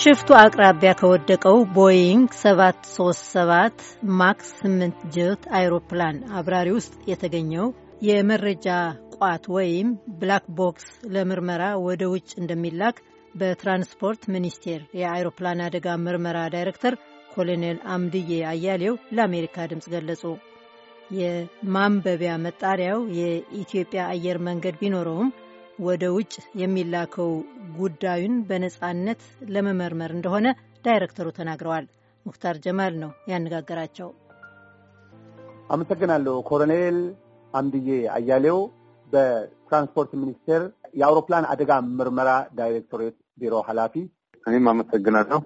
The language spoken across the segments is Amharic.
ቢሾፍቱ አቅራቢያ ከወደቀው ቦይንግ 737 ማክስ 8 ጀት አይሮፕላን አብራሪ ውስጥ የተገኘው የመረጃ ቋት ወይም ብላክ ቦክስ ለምርመራ ወደ ውጭ እንደሚላክ በትራንስፖርት ሚኒስቴር የአይሮፕላን አደጋ ምርመራ ዳይሬክተር ኮሎኔል አምድዬ አያሌው ለአሜሪካ ድምፅ ገለጹ። የማንበቢያ መጣሪያው የኢትዮጵያ አየር መንገድ ቢኖረውም ወደ ውጭ የሚላከው ጉዳዩን በነፃነት ለመመርመር እንደሆነ ዳይሬክተሩ ተናግረዋል። ሙክታር ጀማል ነው ያነጋገራቸው። አመሰግናለሁ። ኮሎኔል አምድዬ አያሌው በትራንስፖርት ሚኒስቴር የአውሮፕላን አደጋ ምርመራ ዳይሬክቶሬት ቢሮ ኃላፊ። እኔም አመሰግናለሁ።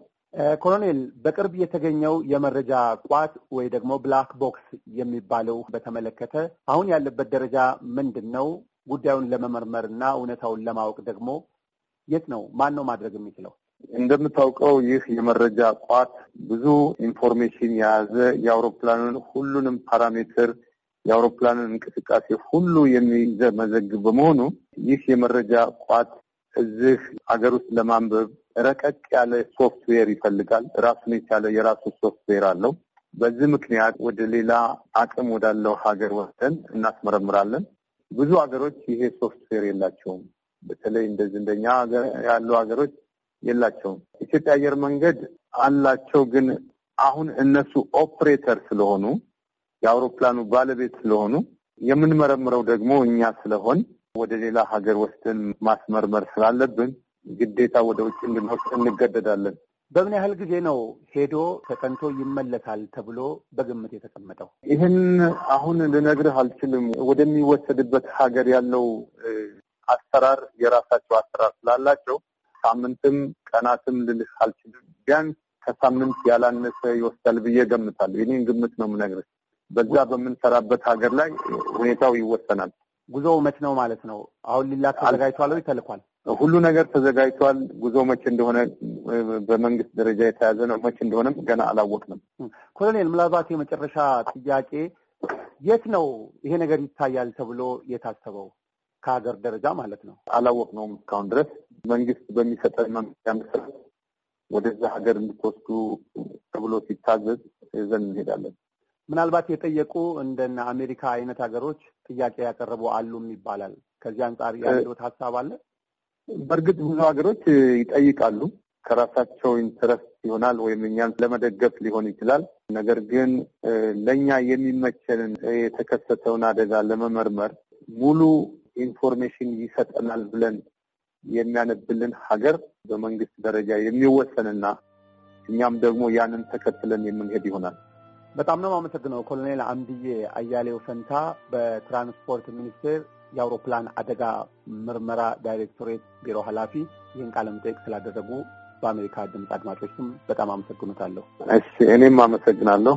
ኮሎኔል በቅርብ የተገኘው የመረጃ ቋት ወይ ደግሞ ብላክ ቦክስ የሚባለው በተመለከተ አሁን ያለበት ደረጃ ምንድን ነው? ጉዳዩን ለመመርመር እና እውነታውን ለማወቅ ደግሞ የት ነው ማን ነው ማድረግ የሚችለው? እንደምታውቀው ይህ የመረጃ ቋት ብዙ ኢንፎርሜሽን የያዘ የአውሮፕላኑን ሁሉንም ፓራሜትር የአውሮፕላኑን እንቅስቃሴ ሁሉ መዘግብ በመሆኑ ይህ የመረጃ ቋት እዚህ አገር ውስጥ ለማንበብ ረቀቅ ያለ ሶፍትዌር ይፈልጋል። ራሱን የቻለ የራሱ ሶፍትዌር አለው። በዚህ ምክንያት ወደ ሌላ አቅም ወዳለው ሀገር ወስደን እናስመረምራለን። ብዙ ሀገሮች ይሄ ሶፍትዌር የላቸውም። በተለይ እንደዚህ እንደኛ ያሉ ሀገሮች የላቸውም። ኢትዮጵያ አየር መንገድ አላቸው፣ ግን አሁን እነሱ ኦፕሬተር ስለሆኑ የአውሮፕላኑ ባለቤት ስለሆኑ የምንመረምረው ደግሞ እኛ ስለሆን ወደ ሌላ ሀገር ወስደን ማስመርመር ስላለብን ግዴታ ወደ ውጭ እንድንወስድ እንገደዳለን። በምን ያህል ጊዜ ነው ሄዶ ተጠንቶ ይመለሳል ተብሎ በግምት የተቀመጠው? ይህን አሁን ልነግርህ አልችልም። ወደሚወሰድበት ሀገር ያለው አሰራር የራሳቸው አሰራር ስላላቸው ሳምንትም ቀናትም ልልህ አልችልም። ቢያንስ ከሳምንት ያላነሰ ይወስዳል ብዬ ገምታለሁ። የኔን ግምት ነው የምነግርህ። በዛ በምንሰራበት ሀገር ላይ ሁኔታው ይወሰናል። ጉዞው መች ነው ማለት ነው? አሁን ሊላክ ተዘጋጅቷል ወይ ተልኳል? ሁሉ ነገር ተዘጋጅቷል። ጉዞ መቼ እንደሆነ በመንግስት ደረጃ የተያዘ ነው። መቼ እንደሆነም ገና አላወቅንም። ኮሎኔል፣ ምናልባት የመጨረሻ ጥያቄ የት ነው ይሄ ነገር ይታያል ተብሎ የታሰበው? ከሀገር ደረጃ ማለት ነው። አላወቅነውም እስካሁን ድረስ መንግስት በሚሰጠን መመሪያ መሰረት ወደዛ ሀገር እንድትወስዱ ተብሎ ሲታዘዝ ይዘን እንሄዳለን። ምናልባት የጠየቁ እንደነ አሜሪካ አይነት ሀገሮች ጥያቄ ያቀረቡ አሉም ይባላል። ከዚህ አንጻር ያለት ሀሳብ አለ። በእርግጥ ብዙ ሀገሮች ይጠይቃሉ። ከራሳቸው ኢንትረስት ይሆናል ወይም እኛን ለመደገፍ ሊሆን ይችላል። ነገር ግን ለእኛ የሚመቸንን የተከሰተውን አደጋ ለመመርመር ሙሉ ኢንፎርሜሽን ይሰጠናል ብለን የሚያነብልን ሀገር በመንግስት ደረጃ የሚወሰንና እኛም ደግሞ ያንን ተከትለን የምንሄድ ይሆናል። በጣም ነው አመሰግነው ኮሎኔል አምድዬ አያሌው ፈንታ በትራንስፖርት ሚኒስቴር የአውሮፕላን አደጋ ምርመራ ዳይሬክቶሬት ቢሮ ኃላፊ ይህን ቃለ መጠይቅ ስላደረጉ በአሜሪካ ድምፅ አድማጮችም በጣም አመሰግኑታለሁ። እሺ እኔም አመሰግናለሁ።